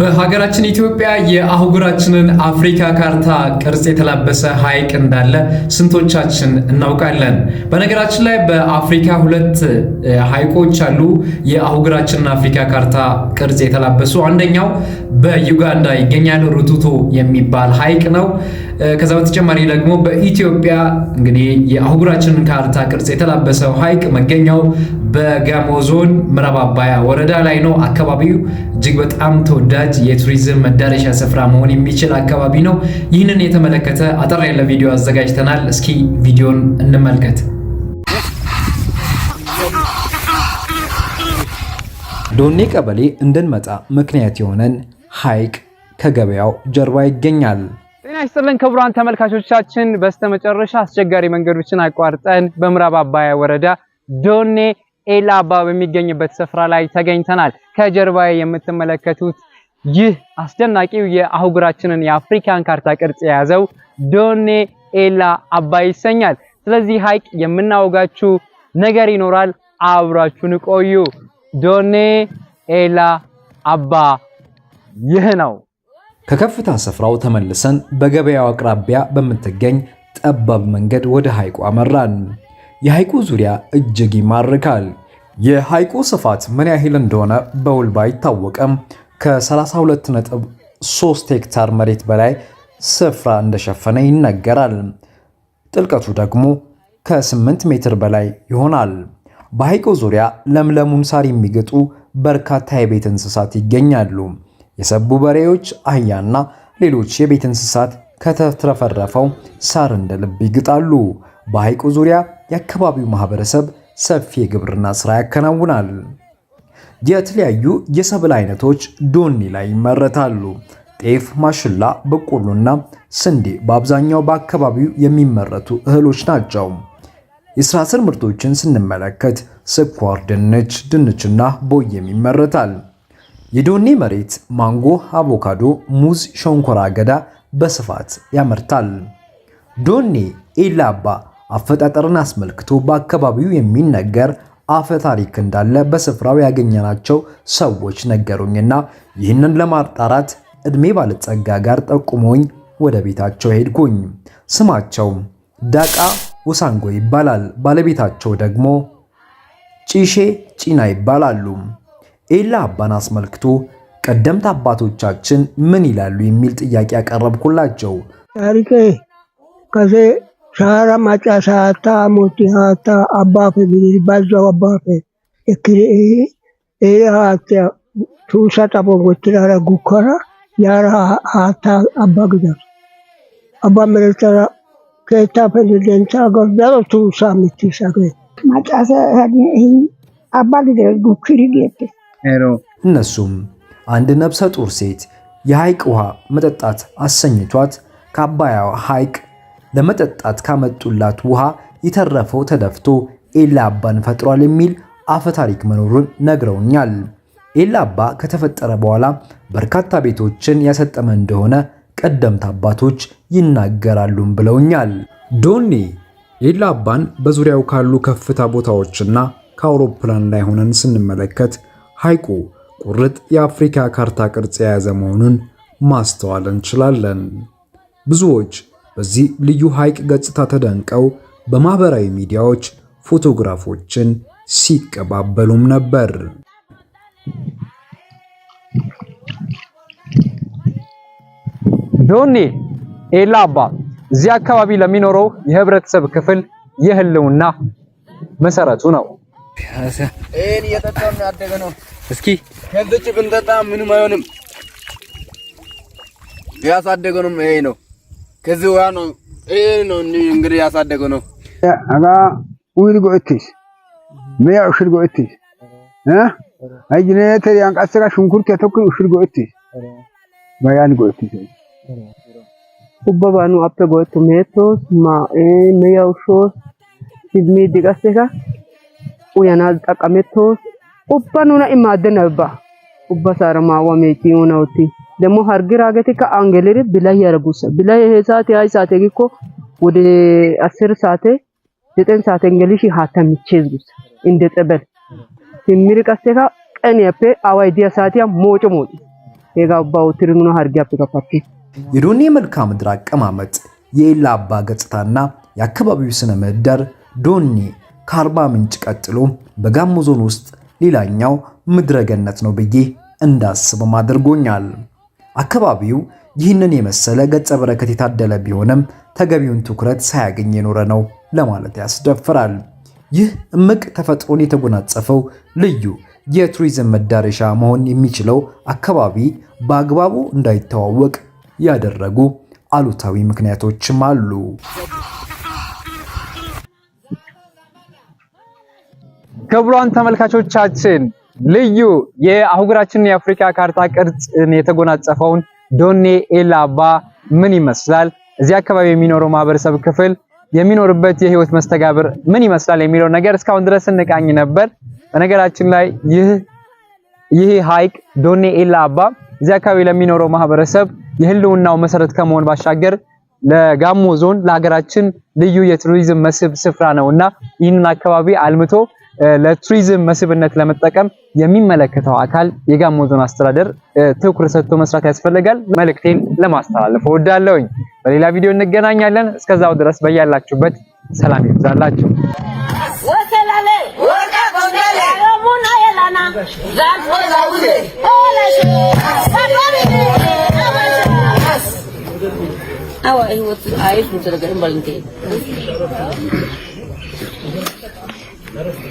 በሀገራችን ኢትዮጵያ የአህጉራችንን አፍሪካ ካርታ ቅርጽ የተላበሰ ሐይቅ እንዳለ ስንቶቻችን እናውቃለን? በነገራችን ላይ በአፍሪካ ሁለት ሐይቆች አሉ የአህጉራችንን አፍሪካ ካርታ ቅርጽ የተላበሱ። አንደኛው በዩጋንዳ ይገኛል፣ ሩቱቶ የሚባል ሐይቅ ነው። ከዛ በተጨማሪ ደግሞ በኢትዮጵያ እንግዲህ የአህጉራችንን ካርታ ቅርጽ የተላበሰው ሐይቅ መገኛው በጋሞ ዞን ምዕራብ አባያ ወረዳ ላይ ነው። አካባቢው እጅግ በጣም ተወዳጅ የቱሪዝም መዳረሻ ስፍራ መሆን የሚችል አካባቢ ነው። ይህንን የተመለከተ አጠር ያለ ቪዲዮ አዘጋጅተናል። እስኪ ቪዲዮን እንመልከት። ዶኔ ቀበሌ እንድንመጣ ምክንያት የሆነን ሐይቅ ከገበያው ጀርባ ይገኛል። ጤና ይስጥልን ክቡራን ተመልካቾቻችን፣ በስተመጨረሻ አስቸጋሪ መንገዶችን አቋርጠን በምዕራብ አባያ ወረዳ ዶኔ ኤላ አባ በሚገኝበት ስፍራ ላይ ተገኝተናል። ከጀርባዬ የምትመለከቱት ይህ አስደናቂው የአህጉራችንን የአፍሪካን ካርታ ቅርጽ የያዘው ዶኔ ኤላ አባ ይሰኛል። ስለዚህ ሐይቅ የምናወጋችሁ ነገር ይኖራል። አብራችሁን ቆዩ። ዶኔ ኤላ አባ ይህ ነው። ከከፍታ ስፍራው ተመልሰን በገበያው አቅራቢያ በምትገኝ ጠባብ መንገድ ወደ ሐይቁ አመራን። የሐይቁ ዙሪያ እጅግ ይማርካል። የሐይቁ ስፋት ምን ያህል እንደሆነ በውል ባይታወቅም ከ32.3 ሄክታር መሬት በላይ ስፍራ እንደሸፈነ ይነገራል። ጥልቀቱ ደግሞ ከ8 ሜትር በላይ ይሆናል። በሐይቁ ዙሪያ ለምለሙን ሳር የሚግጡ በርካታ የቤት እንስሳት ይገኛሉ። የሰቡ በሬዎች፣ አህያና ሌሎች የቤት እንስሳት ከተትረፈረፈው ሳር እንደ ልብ ይግጣሉ። በሐይቁ ዙሪያ የአካባቢው ማህበረሰብ ሰፊ የግብርና ሥራ ያከናውናል። የተለያዩ የሰብል አይነቶች ዶኒ ላይ ይመረታሉ። ጤፍ፣ ማሽላ፣ በቆሎና ስንዴ በአብዛኛው በአካባቢው የሚመረቱ እህሎች ናቸው። የስራ ስር ምርቶችን ስንመለከት ስኳር ድንች፣ ድንችና ቦየም ይመረታል። የዶኔ መሬት ማንጎ፣ አቮካዶ፣ ሙዝ፣ ሸንኮራ አገዳ በስፋት ያመርታል። ዶኔ ኤላባ አፈጣጠርን አስመልክቶ በአካባቢው የሚነገር አፈ ታሪክ እንዳለ በስፍራው ያገኘናቸው ሰዎች ነገሩኝና ይህንን ለማጣራት እድሜ ባለጸጋ ጋር ጠቁሞኝ ወደ ቤታቸው ሄድኩኝ። ስማቸው ዳቃ ውሳንጎ ይባላል። ባለቤታቸው ደግሞ ጪሼ ጪና ይባላሉ። ኤላ አባን አስመልክቶ ቀደምት አባቶቻችን ምን ይላሉ የሚል ጥያቄ ያቀረብኩላቸው ታሪኬ ከዜ ሻራ ማጫ ሳታ ሞቲ ሃታ አባፌ ቢሪ ባዛው አባፌ እክሪ ኤላ ቱሳ ጠቦ ጉኮራ ያራ ሃታ አባ ግዳር አባ መረተራ ከታ ፕሬዝደንት አገር ዳሮ ቱሳ ምትሳገ ማጫሰ አባ ግዳር ጉክሪ ጌቴ እነሱም አንድ ነብሰ ጡር ሴት የሐይቅ ውሃ መጠጣት አሰኝቷት ከአባያው ሐይቅ ለመጠጣት ካመጡላት ውሃ የተረፈው ተደፍቶ ኤላ አባን ፈጥሯል የሚል አፈ ታሪክ መኖሩን ነግረውኛል። ኤላ አባ ከተፈጠረ በኋላ በርካታ ቤቶችን ያሰጠመ እንደሆነ ቀደምት አባቶች ይናገራሉም ብለውኛል። ዶኒ ኤላ አባን በዙሪያው ካሉ ከፍታ ቦታዎችና ከአውሮፕላን ላይ ሆነን ስንመለከት ሐይቁ ቁርጥ የአፍሪካ ካርታ ቅርጽ የያዘ መሆኑን ማስተዋል እንችላለን። ብዙዎች በዚህ ልዩ ሐይቅ ገጽታ ተደንቀው በማኅበራዊ ሚዲያዎች ፎቶግራፎችን ሲቀባበሉም ነበር። ዶኔ ኤላ አባ እዚህ አካባቢ ለሚኖረው የህብረተሰብ ክፍል የህልውና መሰረቱ ነው። እስኪ ከዚች ብንጠጣ ምንም አይሆንም። ያሳደገንም ይሄ ነው። ከዚህ ውሃ ነው ይሄ ነው እንግዲህ ያሳደገው ነው። አጋ ውል ጎእትስ ሚያ ኡሽል ጎእትስ እ አይኔ ተሪያን ሽንኩርት ያተኩ ኡሽል ጎእትስ ባያን ጎእትስ ኡባባኑ አፕተ ጎእቱ ሜቶስ ማ ኤ ሚያ ኡሾስ ሲድሚ ዲቃስራ ኡያና ተቃሜቶስ ቁባኑና ይማደነባ ቁባ ሳረማዋ ሜቲ ሆነውቲ ደሞ ሀርግራገቲ ከአንገሊሪ ብላይ ያረጉሰ ብላይ ሄሳት ያይ ሳቴ ጊኮ ወደ 10 ሳቴ 9 ሳቴ እንግሊሽ ሀተም ይቸዝጉስ እንደ ጸበል ሲሚሪ ቀስተካ ቀን ያፔ አዋይ ዲያ ሳቲያ ሞጮ ሞጮ የጋባው ትርኑና ሀርጋፕ ከፋቲ የዶኔ መልክዓ ምድር አቀማመጥ የኤላ አባ ገጽታና የአካባቢው ስነ ምህዳር ዶኔ ከአርባ ምንጭ ቀጥሎ በጋሞ ዞን ውስጥ ሌላኛው ምድረገነት ነው ብዬ እንዳስብም አድርጎኛል። አካባቢው ይህንን የመሰለ ገጸ በረከት የታደለ ቢሆንም ተገቢውን ትኩረት ሳያገኝ የኖረ ነው ለማለት ያስደፍራል። ይህ እምቅ ተፈጥሮን የተጎናጸፈው ልዩ የቱሪዝም መዳረሻ መሆን የሚችለው አካባቢ በአግባቡ እንዳይተዋወቅ ያደረጉ አሉታዊ ምክንያቶችም አሉ። ክቡራን ተመልካቾቻችን ልዩ የአህጉራችንን የአፍሪካ ካርታ ቅርጽን የተጎናጸፈውን ዶኔ ኤላ አባ ምን ይመስላል፣ እዚህ አካባቢ የሚኖረው ማህበረሰብ ክፍል የሚኖርበት የህይወት መስተጋብር ምን ይመስላል የሚለው ነገር እስካሁን ድረስ እንቃኝ ነበር። በነገራችን ላይ ይህ ይህ ዶኔ ኤላ አባ እዚህ አካባቢ ለሚኖረው ማህበረሰብ የህልውናው መሰረት ከመሆን ባሻገር ለጋሞ ዞን ለሀገራችን ልዩ የቱሪዝም መስህብ ስፍራ ነውና ይህንን አካባቢ አልምቶ ለቱሪዝም መስህብነት ለመጠቀም የሚመለከተው አካል የጋሞ ዞን አስተዳደር ትኩረት ሰጥቶ መስራት ያስፈልጋል። መልእክቴን ለማስተላለፍ እወዳለሁኝ። በሌላ ቪዲዮ እንገናኛለን። እስከዛው ድረስ በያላችሁበት ሰላም ይብዛላችሁ። Neresi?